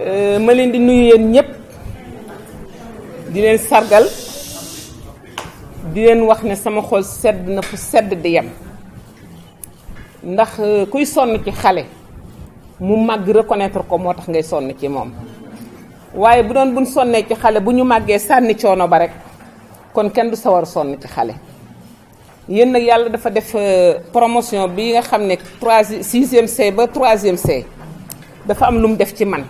Euh, ma leen di nuyu yéen ñëpp di leen sargal di leen wax ne sama xol sedd na fu sedd di yem ndax euh, kuy sonn ci xale mu màgg reconnaître ko moo tax ngay sonn ci moom waaye bu doon buñ sonnee ci xale bu ñu màggee sànni coono ba rek kon kenn du sawar sonn ci xale yéen nag yàlla dafa def euh, promotion bi nga xam ne trois sixième C ba troisième C dafa am lu mu def ci man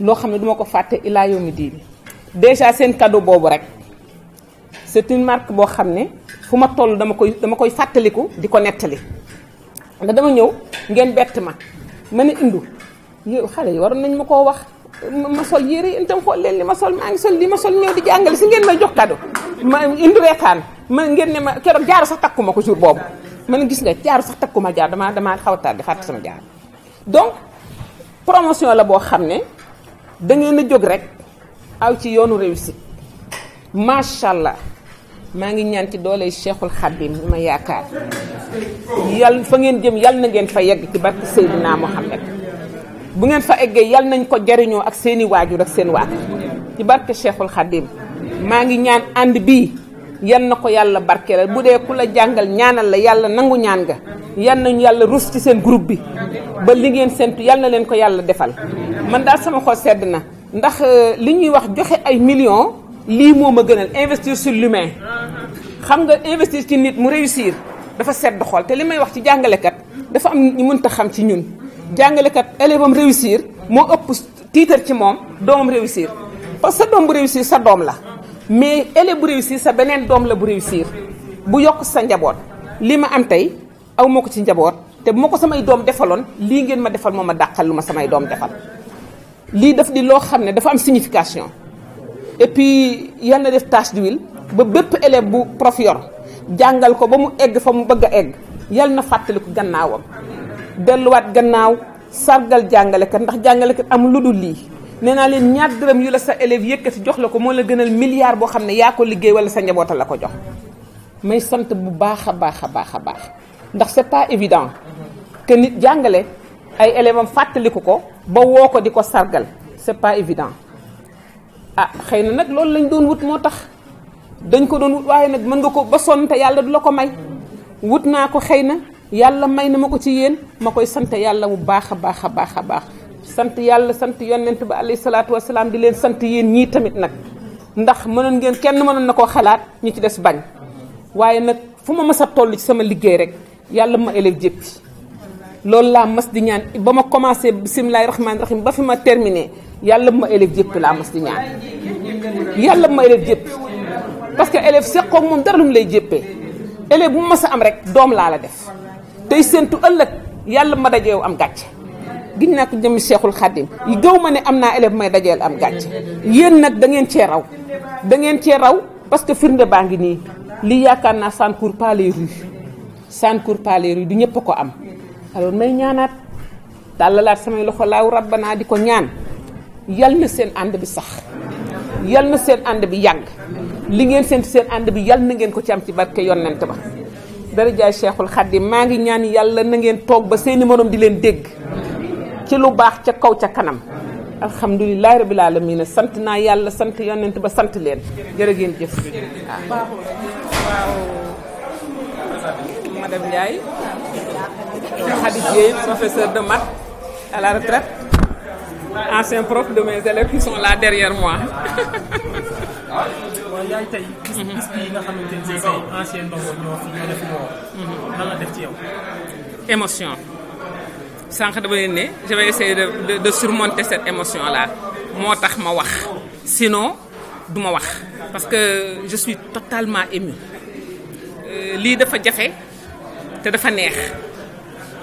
Lo xamne duma ko fàtte ila yomi din déjà sen cadeau bobu rek c'est une marque bo xamne fuma fu dama koy dama koy fàttaliku di netali da dama ñew ngeen bett ma mané indu yow xalé yi waroon nañ mako wax ma sol yéré itam xol leen li ma sol ma ngi sol li ma sol ñew di jangal si ngeen may jox cadeau ma indu reetaan ma ngeen ne ma keroog jaar sax takkuma ko jour bobu man gis nga jaar sax takkuma jaar dama dama xawta di fat sama jaar donc promotion la bo xamne da ngeen a jóg rek aw ci yoonu réussite macha allah maa ngi ñaan ci doole Cheikhul Khadim ma yaakaar yal fa ngeen jëm yal na ngeen fa yegg ci barke Seydina Mohamed bu ngeen fa eggee yal nañ ko jariñoo ak seeni waajur ak seen waat ci barke Cheikhul Khadim maa ngi ñaan ànd bii. yan na ko yàlla barkeelal bu dee ku la jàngal ñaanal la yàlla nangu ñaan nga yan nañu yàlla rus ci seen groupe bi ba li ngeen séntu yal na leen ko yàlla defal man daal sama xol sedd na ndax euh, li ñuy wax joxe ay millions lii moo ma gënal investir sur l'humain xam nga investir ci nit mu réussir dafa sedd xol te li may wax ci jàngalekat dafa am ñu mënta xam ci ñun jàngalekat élève réussir moo ëpp tiitar ci moom doomam réussir parce que doom bu réussir sa doom la mais ëllëg bu réussir sa benen dom la bu réussir bu yok sa njabot li am tay aw ci njabot te bu ma samay dom li ngeen ma defal moma ma luma samay dom daf di lo des dafa am signification et puis yalla def tâche d'huile ba bu prof yor ko ba mu egg fa mu bëgg a egg yalla na ko gannaawam wat gannaaw sargal ndax am nee naa leen ñaar dërëm yu la sa élève yëkkati jox la ko moo la gënal milliard boo xam ne yaa ko liggéey wala sa njaboota la ko jox may sant bu baax a baax a baax a baax ndax c'est pas évident que nit jàngale ay élève am fàttaliku ko ba woo ko di ko sargal c'est pas évident ah xëy na nag loolu lañ doon wut moo tax dañ ko doon wut waaye nag mën nga ko ba sonn yàlla du la ko may wut naa ko xëy na yàlla may na ma ko ci ma koy sant yàlla bu baax a baax a baax a baax sant yàlla sant yonent bi alayhi salaatu wasalaam di leen sant yéen ñii tamit nag ndax mënoon ngeen kenn mënoon na koo xalaat ñu ci des bañ waaye nag fu ma mës a toll ci sama liggéey rek yàlla ma élève jéppi loolu laa mas di ñaan ba ma commencé bisimilahi rahmaani rahim ba fi ma terminé yàlla ma élève jéppi laa mas di ñaan yàlla ma élève jéppi parce que élève seqoog moom dara lu mu lay jéppee élève bu ma mës a am rek doom laa la def tey séentu ëllëg yàlla ma dajeew am gàcce giñ naa ko jëmi seexul xaddim yi gëw ma ne am naa élève may dajeel am gàcce yéen nag da ngeen cee raw da ngeen cee raw parce que firnde baa ngi nii li yaakaar naa ça ne court pas les rues court pas les du ñëpp a ko am alors may ñaanaat tàllalaat samay loxo laaw naa di ko ñaan yal na seen ànd bi sax yal na seen ànd bi yàgg li ngeen seen seen ànd bi yal na ngeen ko ci am ci barke yonent ba dara jaay cheikhul xaddim maa ngi ñaan yàlla na ngeen toog ba seeni morom di leen dégg ci lu baax ca kaw ca kanam alhamdulilahi rabbil alamin sant na yàlla sant yonent ba sant len jërë gene jëf madame Ndiaye Khady professeur de maths à la retraite ancien prof de mes élèves qui sont là derrière moi émotion sànq dama leen ne je vais essayer de de, de surmonter cette émotion là moo tax ma wax sinon du ma wax parce que je suis totalement ému. Euh, lii dafa jafe te dafa neex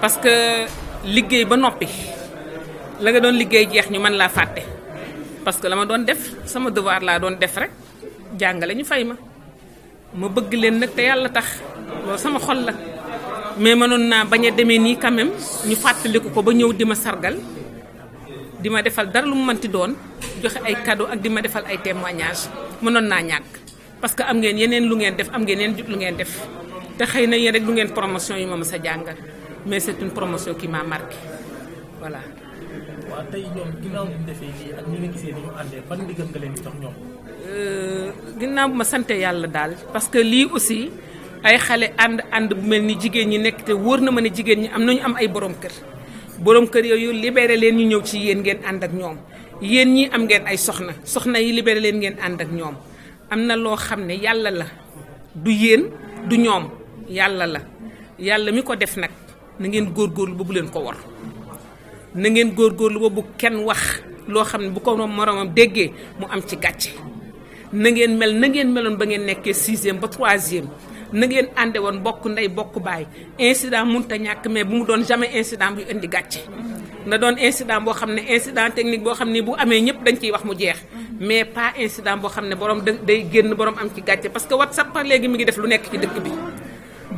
parce que liggéey ba noppi la nga doon liggéey jeex ñu mën laa fàtte parce que la ma doon def sama devoir laa doon def rek jàngale ñu fay ma ma bëgg leen nag te yàlla tax loolu sama xol la mais mënoon na bañ démé ni quand même ñu fàttaliku ko ba ñëw dima sargal dima défal dar lu mu manti doon joxe ay cadeau ak dima défal ay témoignages mënoon na ñàkk. parce que am ngeen yenen lu ngeen def am ngeen yeneen lu ngeen def te xeyna na rek lu ngeen promotion yi ma sa jangal mais c'est une promotion qui m'a marqué voilà. wa tay ñoom ginnaaw bi ñu defee ak ñi nga gisee ni ñu andé fan ndigal nga leen di jox euh ginnaaw bi ma sant yàlla daal parce que li aussi. ay xale ànd ànd bu mel ni jigéen ñi nekk te wóor na ma ne jigéen ñi am nañu am ay borom kër borom kër yooyu libéré leen ñu ñëw ci yéen ngeen ànd ak ñoom yéen ñi am ngeen ay soxna soxna yi libéré leen ngeen ànd ak ñoom am na loo xam ne yàlla la du yéen du ñoom yàlla la yàlla mi ko def nag na ngeen góor ba bu leen ko war na ngeen góorgóorlu ba bu kenn wax loo xam ne bu ko moroomam déggee mu am ci gàcce na ngeen mel na ngeen meloon ba ngeen nekkee sixième ba troisième na ngeen ànde woon bokk ndey bokk baay incident mun a ñàkk mais bu mu doon jamais incident bu indi gàcce. na doon incident boo xam ne incident technique boo xam ne bu amee ñëpp dañ ciy wax mu jeex. mais pas incident boo xam ne borom day génn borom am ci gàcce parce que WhatsApp par léegi mi ngi def lu nekk ci dëkk bi.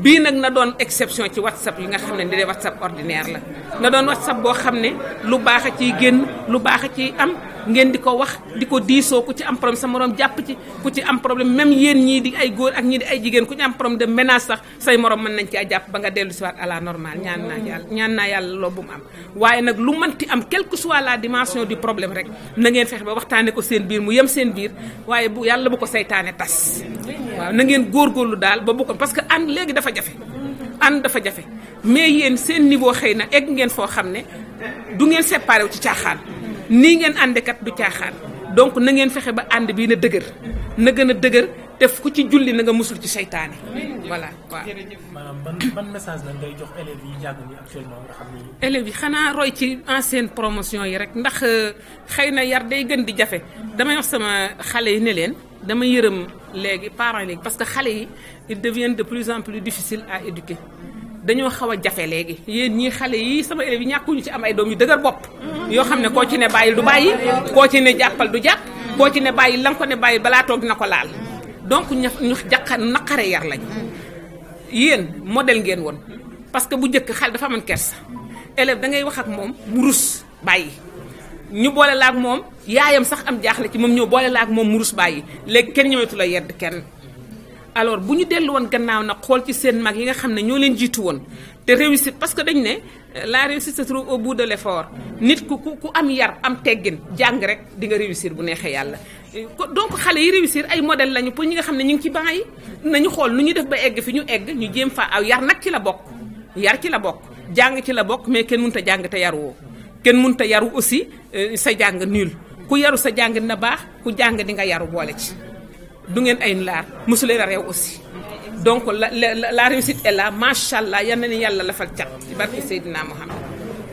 bii nag na doon exception ci whatsapp yi nga xam ne ni de whatsapp ordinaire la na doon whatsapp boo xam ne lu baax a ciy génn lu baa a ciy am ngeen di ko wax di ko diisoo ku ci am problème sa morom jàpp ci ku ci am problème même yéen ñii di ay góor ak ñii di ay jigéen ku ci am problème de menace sax say morom mën nañ ci jàpp ba nga dellu si waat à la normale ñaan naa yàlla ñaan naa yàlla loolu bu am waaye nag lu ti am quelque soit la dimension du problème rek na ngeen fexe ba waxtaane ko seen biir mu yem seen biir waaye bu yàlla bu ko tas waaw na ngeen góorgóorlu daal ba bu ko parce que an léegi dafa jafe an dafa jafe mais yéen seen niveau xëy na egg ngeen foo xam ne du ngeen séparé wu ci caaxaan ni ngeen ande kat du tiaxar donc na ngeen fexe ba ande bi na deuguer na gëna deuguer def ku ci julli na nga musul ci shaytané voilà waaw. maanaam ban ban message la ngay jox élève yi jàng ni actuellement nga xamni élève yi xana roy ci ancienne promotion yi rek ndax xeyna yar day gën di jafe dama wax sama xale yi ne len dama yërëm légui parents léegi parce que xale yi ils deviennent de plus en plus difficile à éduquer. dañoo xaw a jafe léegi yéen ñii xale yi sama élèves yi ñàkkuñu ci am ay doom yu dëgër bopp yoo xam ne koo ci ne bàyyil du bàyyi koo ci ne jàppal du jàpp koo ci ne bàyyi la ko ne bàyyi balaa toog dina ko laal donc ñu ñu jaqa naqare yar lañu yéen modèle ngeen woon parce que bu njëkk xale dafa amoon kersa élève da ngay wax ak moom murus bàyyi ñu boole la ak moom yaayam sax am jaaxle ci moom ñëw boole la ak moom murus bàyyi léegi kenn ñëwetu la yedd kenn alors bu ñu dellu woon gannaaw nag xool ci seen mag yi nga xam ne ñoo leen jiitu woon te réussite parce que dañ ne euh, la réussite sa trouve au bout de l'effort nit ku ku am yar am teggin jàng rek di nga réussir bu neexee yàlla donc xale yi réussir ay modèle lañu pour ñi nga xam ne ñu ngi ci banc nañu xool lu ñu def ba egg fi ñu egg ñu jéem fa aw yar nag ci la bokk yar ci la bokk jàng ci la bokk mais kenn mun ta jàng te yaruwoo kenn mënut ta yaru aussi euh, sa jàng nul ku yaru sa jàng dina baax ku jàng di nga yaru boole ci du ngeen ay laar mosu leen a réew aussi donc la la la réussite est là macha allah yan na ni yàlla lafal cat ci barke Seydina Mohamed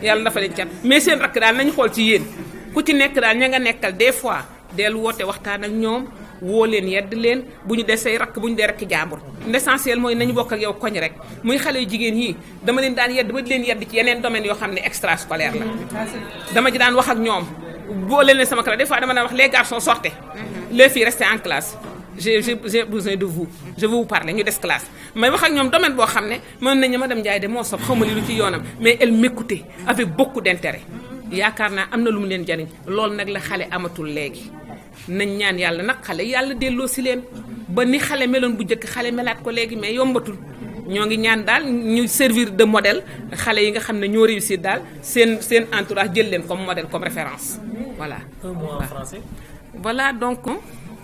yàlla dafa leen cat mais seen rakk daal nañu xool ci yéen ku ci nekk daal ña nga nekkal des fois del woote waxtaan ak ñoom woo leen yedd leen bu ñu dee say rakk bu ñu dee rakk jàmbur. l'essentiel mooy nañu bokk ak yow koñ rek muy xale yu jigéen yi dama leen daan yedd ba di leen yedd ci yeneen domaine yoo xam ne extra scolaire la. dama ji daan wax ak ñoom boo leen sama classe des fois wax les garçons sortez. Mm-hmm. les filles en classe. j'ai j'ai besoin de vous je veux vous parler Une des classe Mais wax ak ñoom domaine boo xam ne mën nañu madame Ndiaye de moo sob lu ci yoonam mais elle m'écoutait avec beaucoup d'intérêt yaakaar naa am na lu mu leen jariñ loolu nag la xale amatul léegi nañ ñaan yàlla nag xale yàlla delloo si leen ba ni xale meloon bu njëkk xale melaat ko léegi mais yombatul ñoo ngi ñaan daal ñu servir de modèle xale yi nga xam ne ñoo réussir daal seen seen entourage jël leen comme modèle comme référence voilà. voilà donc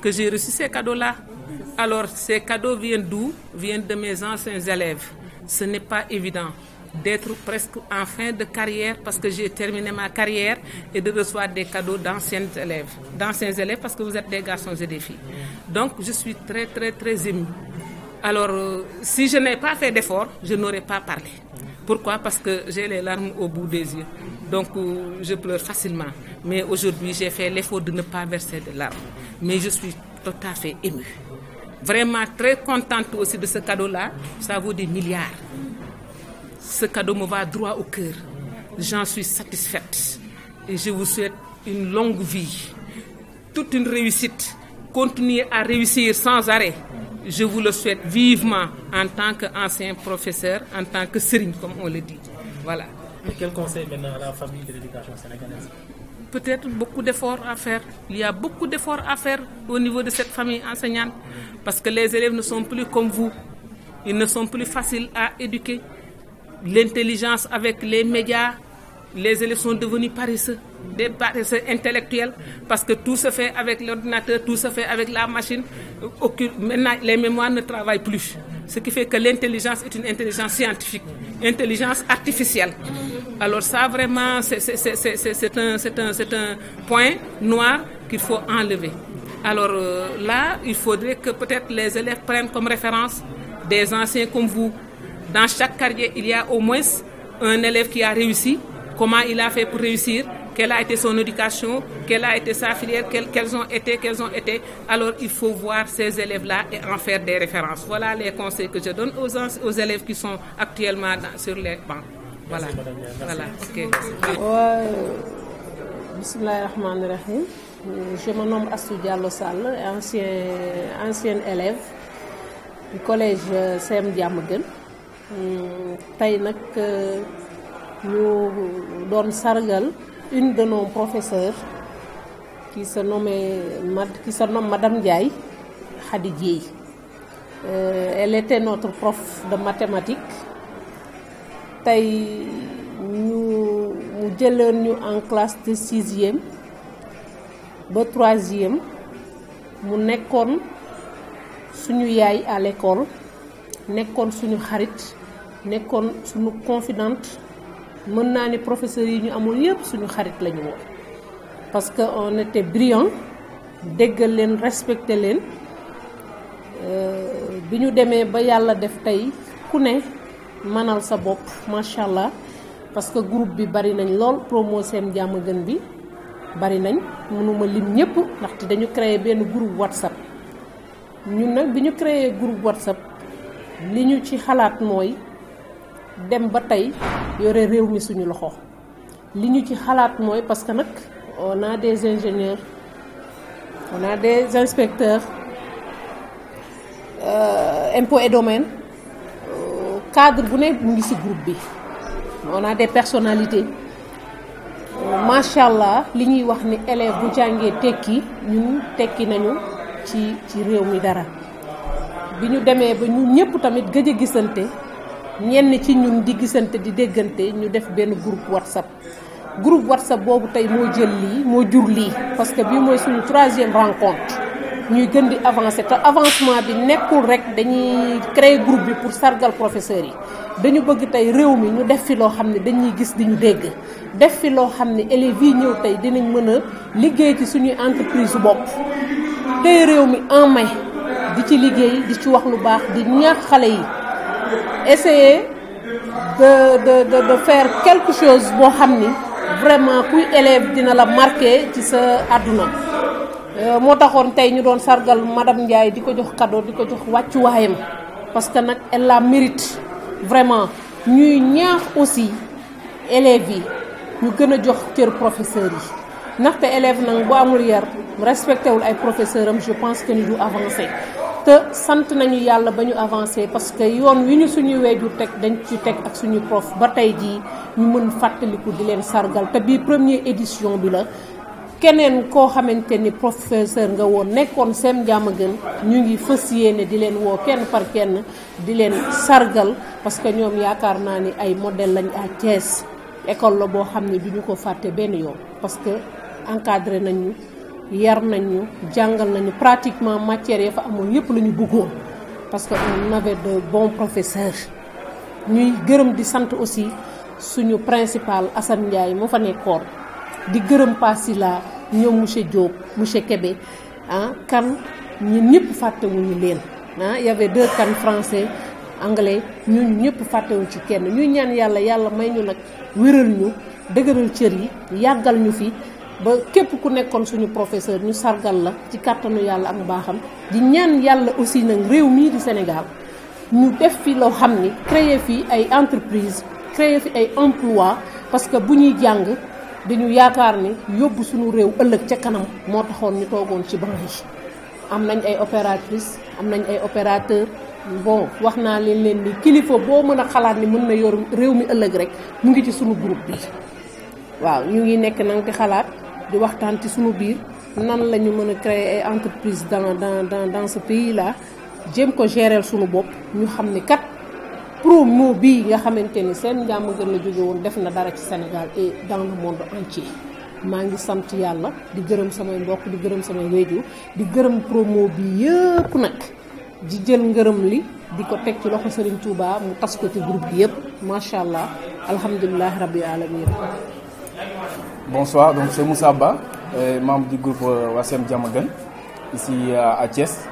que j'ai reçu ces cadeaux-là. Alors, ces cadeaux viennent d'où Viennent de mes anciens élèves. Ce n'est pas évident d'être presque en fin de carrière parce que j'ai terminé ma carrière et de recevoir des cadeaux d'anciens élèves. D'anciens élèves parce que vous êtes des garçons et des filles. Donc je suis très très très émue. Alors euh, si je n'ai pas fait d'effort, je n'aurais pas parlé. Pourquoi Parce que j'ai les larmes au bout des yeux. Donc euh, je pleure facilement. Mais aujourd'hui, j'ai fait l'effort de ne pas verser de larmes. Mais je suis tout à fait émue. Vraiment très contente aussi de ce cadeau-là. Ça vaut des milliards. Ce cadeau me va droit au cœur. J'en suis satisfaite. Et je vous souhaite une longue vie, toute une réussite. Continuez à réussir sans arrêt. Je vous le souhaite vivement en tant qu'ancien professeur, en tant que sérine, comme on le dit. Voilà. Et quel conseil maintenant à la famille de l'éducation sénégalaise Peut-être beaucoup d'efforts à faire. Il y a beaucoup d'efforts à faire au niveau de cette famille enseignante parce que les élèves ne sont plus comme vous. Ils ne sont plus faciles à éduquer. L'intelligence avec les médias, les élèves sont devenus paresseux, des paresseux intellectuels, parce que tout se fait avec l'ordinateur, tout se fait avec la machine. Maintenant, les mémoires ne travaillent plus. Ce qui fait que l'intelligence est une intelligence scientifique, intelligence artificielle. Alors ça, vraiment, c'est un, un, un point noir qu'il faut enlever. Alors euh, là, il faudrait que peut-être les élèves prennent comme référence des anciens comme vous. Dans chaque carrière, il y a au moins un élève qui a réussi, comment il a fait pour réussir, quelle a été son éducation, quelle a été sa filière, quelles, ont été, quelles ont été. Alors il faut voir ces élèves-là et en faire des références. Voilà les conseils que je donne aux, élèves qui sont actuellement sur les bancs. Voilà. voilà. Je me nomme Astou Diallo ancien, élève du collège CM euh, Diamaguène. Hum, Tay nak euh, ñu sargal une de nos professeurs qui se nommait qui se nomme Madame Diaye Hadidjie. Euh, elle était notre prof de mathématiques Tay nous mu en classe de sixième de troisième mu Nous suñu yaay à l'école nekkoon suñu xarit nekkoon suñu confidente mën naa ne professeurs yi ñu amul yëpp suñu xarit la ñu woon parce que on était brillant déggal leen respecté leen euh, bi ñu demee ba yàlla def tey ku ne manal sa bopp macha allah parce que groupe bi bari nañ lool promo seen jàmm gën bi bari nañ mënuma lim ñëpp ndaxte dañu créer benn groupe whatsapp ñun nag bi ñu créer groupe whatsapp li ñu ci xalaat mooy dem ba tey yore réew mi suñu loxo li ñu ci xalaat mooy parce que nag on a des ingénieurs on a des inspecteurs euh, impôts et domaine euh, cadre bu ne mu ngi ci groupe bi on a des personalité macha allah li ñuy wax ni élève bu jàngee tekki ñun tekki nañu ci ci réew mi dara bi ñu demee ba ñun ñëpp tamit gëj a gisante. ñenn ci ñun di gisante di déggante ñu def benn groupe whatsapp groupe whatsapp boobu tey moo jël lii moo jur lii parce que bii mooy suñu troisième rencontre ñuy gën di avancer te avancement bi nekkul rek dañuy créer groupe bi pour sargal professeurs yi dañu bëgg tey réew mi ñu def fi loo xam ne dañuy gis di ñu dégg def fi loo xam ne élèves yi ñëw tey dinañ mën a liggéey ci suñuy entreprise bopp tey réew mi en mai di ci liggéey di ci wax lu baax di ñaax xale yi essayer de de de faire quelque chose boo xam ni vraiment kuy élève dina la marqué ci sa àdduna euh, moo taxoon tey ñu doon sargal madame Ndiaye di ko jox cadeau di ko jox wàccuwaayam parce que nag elle la mérite vraiment ñuy ñaax aussi élèves yi ñu gën a jox cër professeurs yi Notre élève nag bu amul yar respecté wul ay professeur je pense que nous devons avancer. te sante nañu yàlla ba ñu avancé parce que yoon wi ñu suñuy tek teg dañ ci teg ak suñu prof ba tey jii ñu mën fàttaliku di leen sargal te bii première édition bi la keneen koo xamante ni professeur nga woon nekkoon seen jàmm gën ñu ngi fës yéene di leen woo kenn par kenn di leen sargal parce que ñoom yaakaar naa ni ay modèle lañ à Thiès école la boo xam ne du ko fàtte benn yoon parce que encadré nañu yar nañu ñu jàngal nañu pratiquement matière ya fa amoon yépp la ñu bëggoon parce que on avait de bons professeurs ñuy gërëm di sant aussi suñu principal Assane Ndiaye moo fa nekkoon di gërëm passi la ñoom monsieur Diop monsieur Kébé ah kan ñun ñëpp fàttewuñu leen ah y avait deux kan français anglais ñun ñëpp fàttewuñ ci kenn ñuy ñaan yàlla yàlla may ñu nag wéral ñu dëgëral cër yi yàggal ñu fi ba képp ku nekkoon suñu professeur ñu sargal la ci kàttanu di ñaan aussi Sénégal Nous def créer des ay entreprise créer fi ay parce que si nous jàng dañu yaakaar ni yóbbu suñu réew ëllëg ca kanam moo taxoon ñu toogoon ci banque am nañ ay opératrice am nañ opérateur bon leen leen kilifa a xalaat ni yor groupe bi waaw ñu ngi nekk di waxtaan ci sunu biir nan lañu ñu mën a créer ay entreprise dans dans dans dans ce pays là jéem ko gérer sunu bopp ñu xam ni kat promo bii nga xamante ni seen njàmm ngeen la jóge woon def na dara ci Sénégal et dans le monde entier maa ngi sant yàlla di gërëm samay mbokk di gërëm samay wéju di gërëm promo bi yépp nag di jël ngërëm li di ko teg ci loxo Serigne Touba mu tas ko ci groupe bi yëpp macha allah alhamdulilah rabbi alamin Bonsoir, donc c'est Moussa Ba, euh, membre du groupe euh, Wassem ici euh, à Thiès.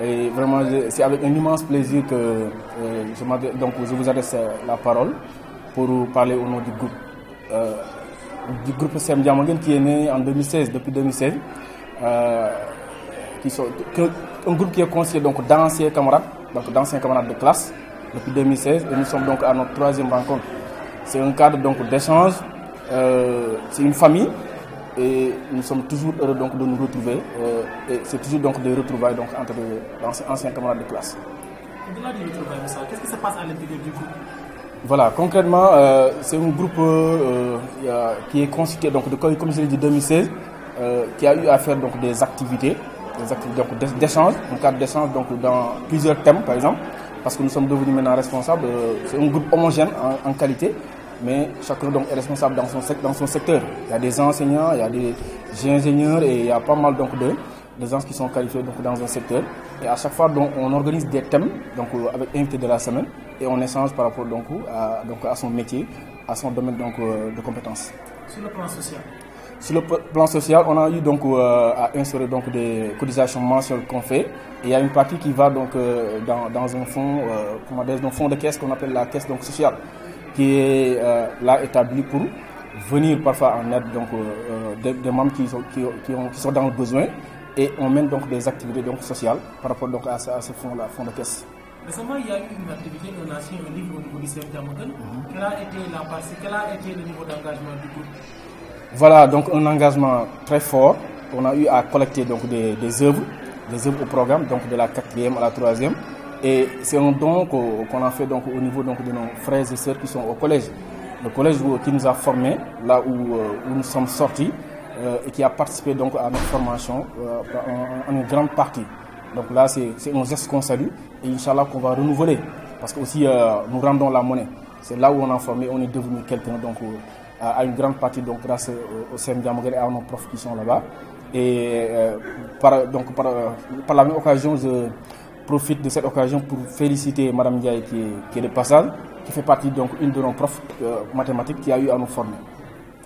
Et vraiment, c'est avec un immense plaisir que je, donc, vous adresse la parole pour vous parler au nom du groupe. du groupe Wassem qui est né en 2016, depuis 2016. qui sont, un groupe qui est constitué d'anciens camarades, donc d'anciens camarades de classe depuis 2016 et nous sommes donc à notre troisième rencontre. C'est un cadre d'échange euh, c'est une famille et nous sommes toujours heureux de nous retrouver. Euh, et c'est toujours donc des retrouvailles donc, entre les anciens camarades de classe. qu'est-ce qui se passe à l'intérieur du groupe Voilà, concrètement, euh, c'est un groupe qui est constitué donc, de, comme de 2016, qui a eu à faire donc, des activités, des activités d'échange, un cadre d'échange donc, dans plusieurs thèmes par exemple, parce que nous sommes devenus maintenant responsables. c'est un groupe homogène en qualité mais chacun est responsable dans son, secteur. Il y a des enseignants, il y a des ingénieurs et il y a pas mal donc de, qui sont qualifiés dans un secteur. Et à chaque fois, on organise des thèmes donc, euh, avec invité de la semaine et on échange par rapport à, son métier, à son domaine euh, de compétences. Sur le plan social sur le plan social, on a eu donc euh, à insérer donc des cotisations mensuelles qu'on fait. Et il y a une partie qui va dans, un fonds, comment fonds de caisse qu'on appelle la caisse sociale qui est euh, là établi pour venir parfois en aide euh, euh, des, membres qui sont, dans le besoin et on mène donc des activités sociales par rapport à, ce fonds-là, fonds de caisse. Récemment, il y a eu une activité, on a un livre au niveau du CFD Amogan. Mhm. Quel a été la quel a été le niveau d'engagement du groupe Voilà, donc un engagement très fort. On a eu à collecter des, des œuvres, des œuvres au programme, donc de la quatrième à la troisième. Et c'est un don qu'on a fait donc au niveau donc de nos frères et sœurs qui sont au collège. Le collège qui nous a formés, là où, euh, nous sommes sortis, euh, et qui a participé donc à notre formation euh, en, une grande partie. Donc là, c'est un geste qu'on salue et Inch'Allah qu'on va renouveler. Parce que aussi, nous rendons la monnaie. C'est là où on a formé, on est devenu quelqu'un donc à une grande partie donc grâce au CMDA et à nos profs qui sont là-bas. Et donc, par, par la même occasion, je, profite de cette occasion pour féliciter Madame Ndiaye qui est, qui de passage, qui fait partie donc une de nos profs euh, mathématiques qui a eu à nous former.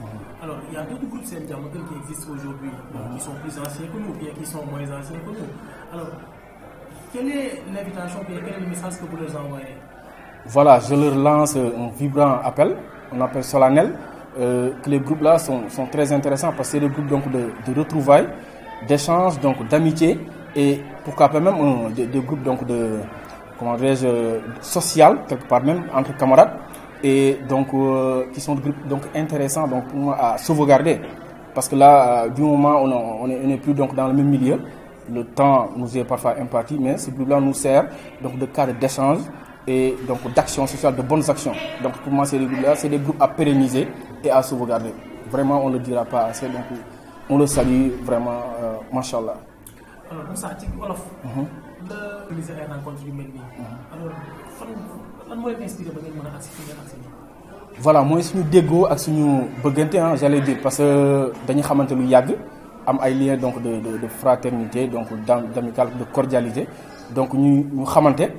Mhm. Alors, il y a d'autres groupes intermédiaires qui existent aujourd'hui, mhm. qui sont plus anciens que nous, bien qui sont moins anciens que nous. Alors, quelle est l'invitation, quel est le message que vous leur envoyez Voilà, je leur lance un vibrant appel, un appel solennel, euh, que les groupes-là sont, sont, très intéressants parce que c'est des groupes donc, de, de retrouvailles, d'échanges, donc d'amitié, et pourquoi pas même des, groupes donc de euh, quelque part même entre camarades et donc euh, qui sont des groupes donc intéressants donc pour moi à sauvegarder parce que là euh, du moment où on n'est plus donc dans le même milieu le temps nous est parfois imparti mais ce groupe là nous sert donc de cadre d'échange et donc sociale, sociale de bonnes actions. Donc pour moi, ces groupes c'est des groupes à pérenniser et à sauvegarder. Vraiment, on ne le dira pas assez. Donc on le salue vraiment, machallah mashallah alors Moussa ci wolof. nga mhm. organiser ay rencontre yu mel nii. Mhm. alors fan fan moo leen inspiré ba ngeen mën a agsi ngeen agsi voilà mooy suñu déggoo ak suñu bëggante hein j'allais dire parce que dañu xamanté lu yagg am ay liens donc de de de fraternité donc d'amicale de cordialité donc ñu ñu xamante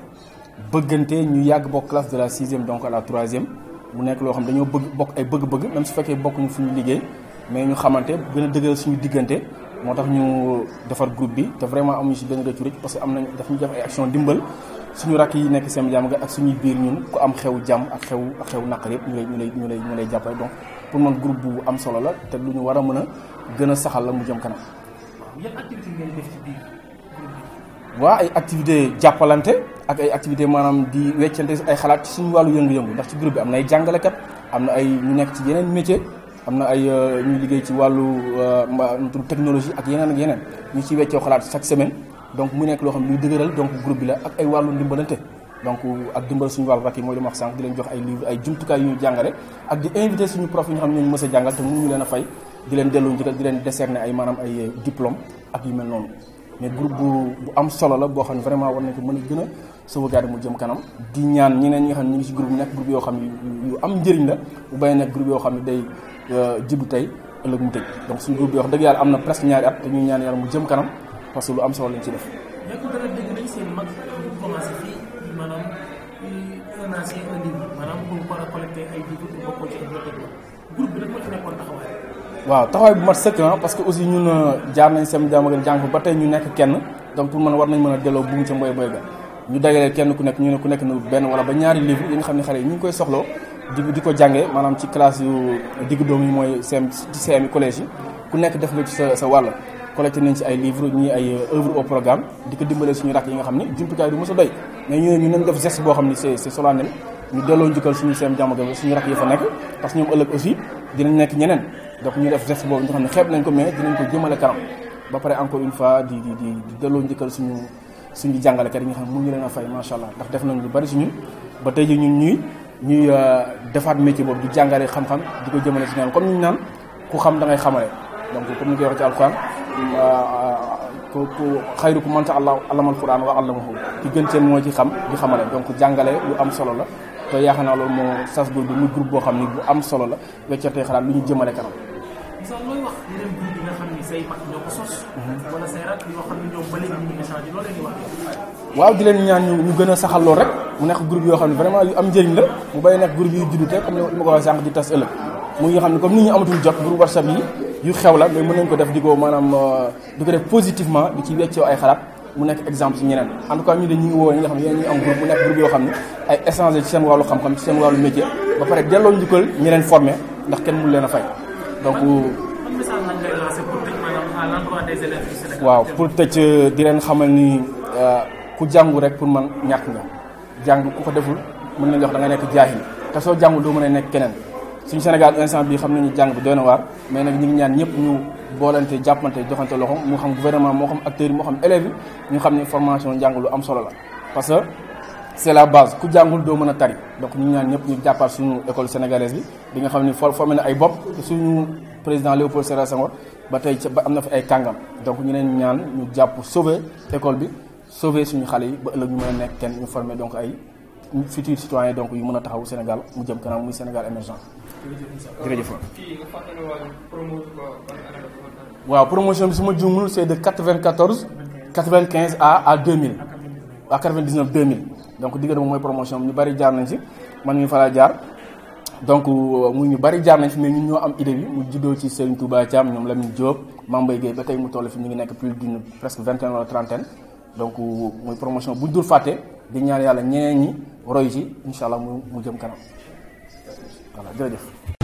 bëggante ñu yagg bok classe de la 6e donc à la 3e mu nekk loo xam dañoo bëgg bok ay bëgg-bëgg même su fekkee bokkuñu fu ñu liggéey mais ñu xamante gën a dëgëral suñu diggante. motax ñu defar groupe bi te vraiment amuñu ci benn retour parce que am nañ daf ñu def ay action dimbal suñu rak yi nekk seen jàmm ga ak suñu biir ñun ku am xew jàmm ak xew ak xew naqar yëpp ñu lay ñu lay ñu lay ñu lay jàppale donc pour man groupe bu am solo la te lu ñu war a mën a gën a saxal la mu jëm kanam yan activité ngeen def ci biir waa ay activité jàppalante ak ay activité maanaam di weccante ay xalaat ci suñu wàllu yëngu-yëngu ndax ci groupe bi am na ay jàngalekat am na ay ñu nekk ci yeneen métier am na ay euh, ñuy liggéey ci wàllu euh, technologie ak yeneen ak yeneen ñu ci weccoo xalaat chaque semaine donc mu nekk loo xam ne luy dëgëral donc groupe bi la ak ay wàllu ndimbalante donc euh, ak dimbal suñu wàllu rakk yi mooy li ma wax sànq leen jox ay livre ay jumtukaay yu ñu jàngale suñu prof yi ñu xam a jàngal te mënuñu leen a fay di leen dellu njëkkal di leen décerner ay maanaam ay diplôme ak noonu mais groupe bu bu am solo la boo xam ne vraiment war nañ ko mën a gën a sauvegarder mu jëm kanam di ñaan neen ñi nga xam ne ñu ngi ci groupe bi nekk groupe yoo xam ne yu am njëriñ la bu bay nekk groupe yoo xam ne day Euh, jibu tay ëlëk mu tej donc suñu groupe bi wax dëgg yàlla am na presque ñaari at te ñuy ñaan yàlla mu jëm kanam parce que lu am solo lañ ci def. un un waaw taxawaay bu mat sëkk na parce que aussi ñun euh, jaar nañ seen jaamagal jàng ba tey ñu nekk kenn donc pour man war nañ mën a delloo buum ca mboy boy ga ñu dagalee kenn ku nekk ñu ne ku nekk na benn wala ba ñaari livre yi nga xam ne xale yi ñu ngi koy soxloo di di ko jàngee maanaam ci classe yu diggu doom yi mooy CM ci CM yi collège yi ku nekk def nga ci sa sa wàll collecté nañ ci ay livres ñii ay œuvre au programme di ko dimbalee suñu rakk yi nga xam ne jumtukaay du mos a doy mais ñu ñu nañ def geste boo ne c'est c'est solennel ñu delloo njukkal suñu CM Diamaguène suñu rakk yi fa nekk parce que di ëllëg aussi dinañ nekk ñeneen donc ñu def geste boobu nga xam ne xeeb nañ ko mais dinañ ko jëmale kanam ba pare encore une fois di di di di delloo njukkal suñu suñu jàngalekat yi nga xam ne mënuñu leen a fay macha allah ndax lu bari si ñun ñuy euh, defaat métier boobu di jàngale xam-xam di ko jëmale si ñaan comme ñu naan ku xam da ngay xamale donc comme ni koy wax ci alquran euh, euh, ku ku xayru ku man sa allah alamal quran wa allamahu ki gën seen moo ci xam di xamale donc jàngale lu am solo la te yaakaar naa loolu moo sas bi mu groupe boo xam ni bu am solo la weccatee xalaat lu ñu jëmale kanam Mhm. di waaw di leen ñaan ñu gën a saxal loolu rek mu nekk groupe yoo xam ne vraiment yu am njëriñ la mu bay nekk groupe yu comme li ma ko waxee sànq di tas ëllëg mu nga xam ne comme nit ñi amatul jot groupe whatsapp yi yu xew la mais mën nañ ko def di ko maanaam euh, di ko def positivement di ci weccoo ay xalaat mu nekk exemple ci ñeneen en tout cas ñu de ñi ngi woo ñi nga xam ne yéen ñi am groupe mu nekk groupe yoo xam ne ay échanger ci seen wàllu xam-xam ci seen wàllu métier ba pare delloo njukkal ñeneen formé ndax kenn mënu leen a fay donc waaw pour tëj euh, di leen xamal ni euh, ku jàngu rek pour man ñàkk nga jàng ku ko deful mun nañu jox da nekk jaahil te soo jàngu doo mën a nekk keneen suñu Sénégal instant bi xam nañu jàng bi doy na waar mais nag ñu ngi ñaan ñëpp ñu boolante jàppante joxante loxo moo xam gouvernement moo xam acteurs yi moo xam élèves yi ñu xam ne formation njàng lu am solo la parce que c'est la base ku jàngul doo mën a tari donc ñu ñaan ñëpp ñu jàppaat suñu école sénégalaise bi di nga xam ne formé na ay bopp président Léopold Sédar Senghor ba tey ba am na fa ay kangam donc ñu leen ñaan ñu japp sauver école bi sauver suñu xalé yi ba ëlëk ñu mëna a nekk kenn ñu former donc ay futurs citoyens donc yu mëna taxaw Sénégal mu jëm kanam muy Sénégal émergent jërëjëf waaw promotion bi su ma c'est de 94 95 à à 2000 à 99 2000 donc diggante moom mooy promotion ñu bari jaar nañ ci man ñu fa laa jaar donc euh, mu ñu bari jaar nañ fi mais ñun ñoo am idée bi mu juddoo ci Serigne Touba Thiam ñoom Lamine Diop Mame Mbaye Guèye ba tey mu toll fi ñu ngi nekk plus d'une presque vingtaine wala trentaine donc euh, muy promotion bu ñu dul fàtte di ñaan yàlla ñeneen ñi roy ci incha allah mu mu jëm kanam voilà jërëjëf.